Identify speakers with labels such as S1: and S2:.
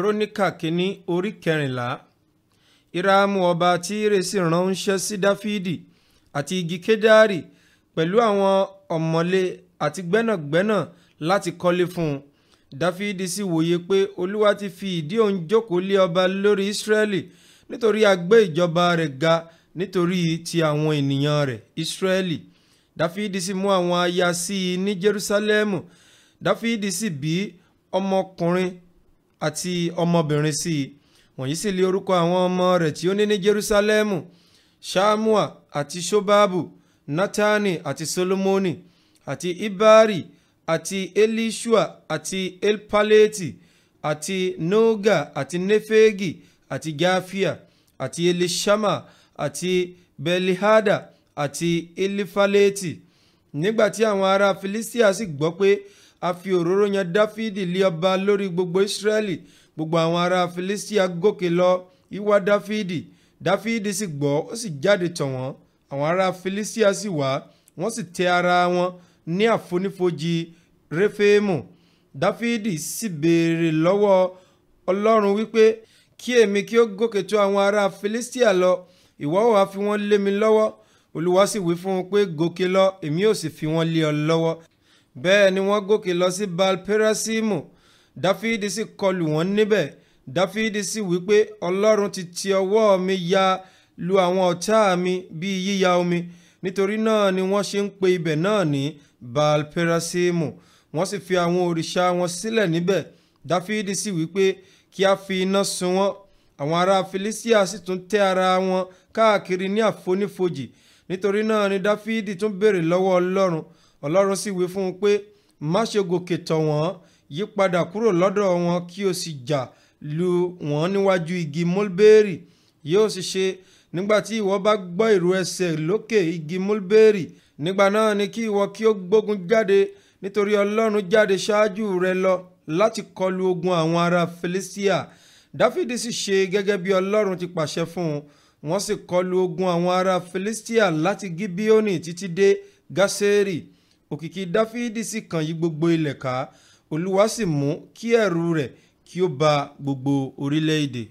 S1: kíróníkà kínní orí kẹrìnlá ìrààmù ọba tí resi ránṣẹ́ sí dáfídì àti igi kédárì pẹ̀lú àwọn ọ̀mọ̀lé àti gbẹ́nàgbẹ́nà láti kọ́lé fún un dáfídì sì wòye pé olúwa ti fi ìdí òun jókòó lé ọba lórí ísírẹ́lì nítorí a gbé ìjọba rẹ̀ ga nítorí ti àwọn ènìyàn rẹ̀ ísírẹ́lì dáfídì sì mú àwọn aya sí i ní jerúsálẹ́mù dáfídì sì bí ọmọkùnrin àti ọmọbìnrin sí i wọ̀nyí sì lé orúkọ àwọn ọmọ rẹ̀ tí ó ní ní Jerusalemu Ṣamua àti Ṣobabu Natani àti Solomoni àti Ibari àti elishua àti elpaleti àti noga àti nefegi àti gafia àti elishama àti belihada àti elifaleti nígbàtí àwọn ará filistia sì gbọ́ pé a fi òróró yan dáfídì lé ọba lórí gbogbo ísírẹ́lì gbogbo àwọn ará filistia gòkè lọ ìwá dáfídì dáfídì sì gbọ́ ó sì jáde tọ̀ wọ́n àwọn ará filistia sì wá wọ́n sì tẹ ara wọn ní àfonífojì réfèémù dáfídì sì béèrè lọ́wọ́ ọlọ́run wípé kí èmi kí ó gòkè tó àwọn ará filistia lọ ìwọ ò fi wọ́n lé mi lọ́wọ́ olúwa fún un pé gòkè lọ èmi ò sì fi wọ́n lé ọ lọ́wọ́ bẹ́ẹ̀ ni wọ́n gòkè lọ sí balperasimu dáfídì sì kọlù wọ́n níbẹ̀ dáfídì sì wípé ọlọ́run ti ti ọwọ́ mi ya lu àwọn ọ̀tá mi bíi yíya omi nítorí náà ni wọ́n ṣe ń pe ibẹ̀ náà ní balperasimu wọ́n sì fi àwọn òrìṣà wọn sílẹ̀ níbẹ̀ dáfídì sì wípé kí a fi iná sun wọ́n àwọn ará filistia sì tún tẹ́ ara wọn káàkiri ní àfonífojì nítorí náà ni dáfídì tún béèrè lọ́wọ́ ọlọ́run ọlọ́run sì wí fún un pé má ṣe gòkè tọ̀ wọ́n yí padà kúrò lọ́dọ̀ wọn kí o sì jà lu wọ́n níwájú igi mulberry yóò sì ṣe nígbà tí ìwọ bá gbọ́ ìró ẹsẹ̀ lókè igi mulberry nígbà náà ni kí ìwọ kí o gbógun jáde nítorí ọlọ́run jáde ṣáájú rẹ lọ láti kọlu ogun àwọn ará Filistia dáfídì sì ṣe gẹ́gẹ́ bí ọlọ́run ti pàṣẹ fún un wọ́n sì kọlu ogun àwọn ará Filistia láti gibioni títí dé Gásérì òkìkí dáfídì sì kàn yí gbogbo ilẹ̀ ká olúwa sì mú kí ẹ̀rù rẹ̀ kí ó ba gbogbo orílẹ̀-èdè.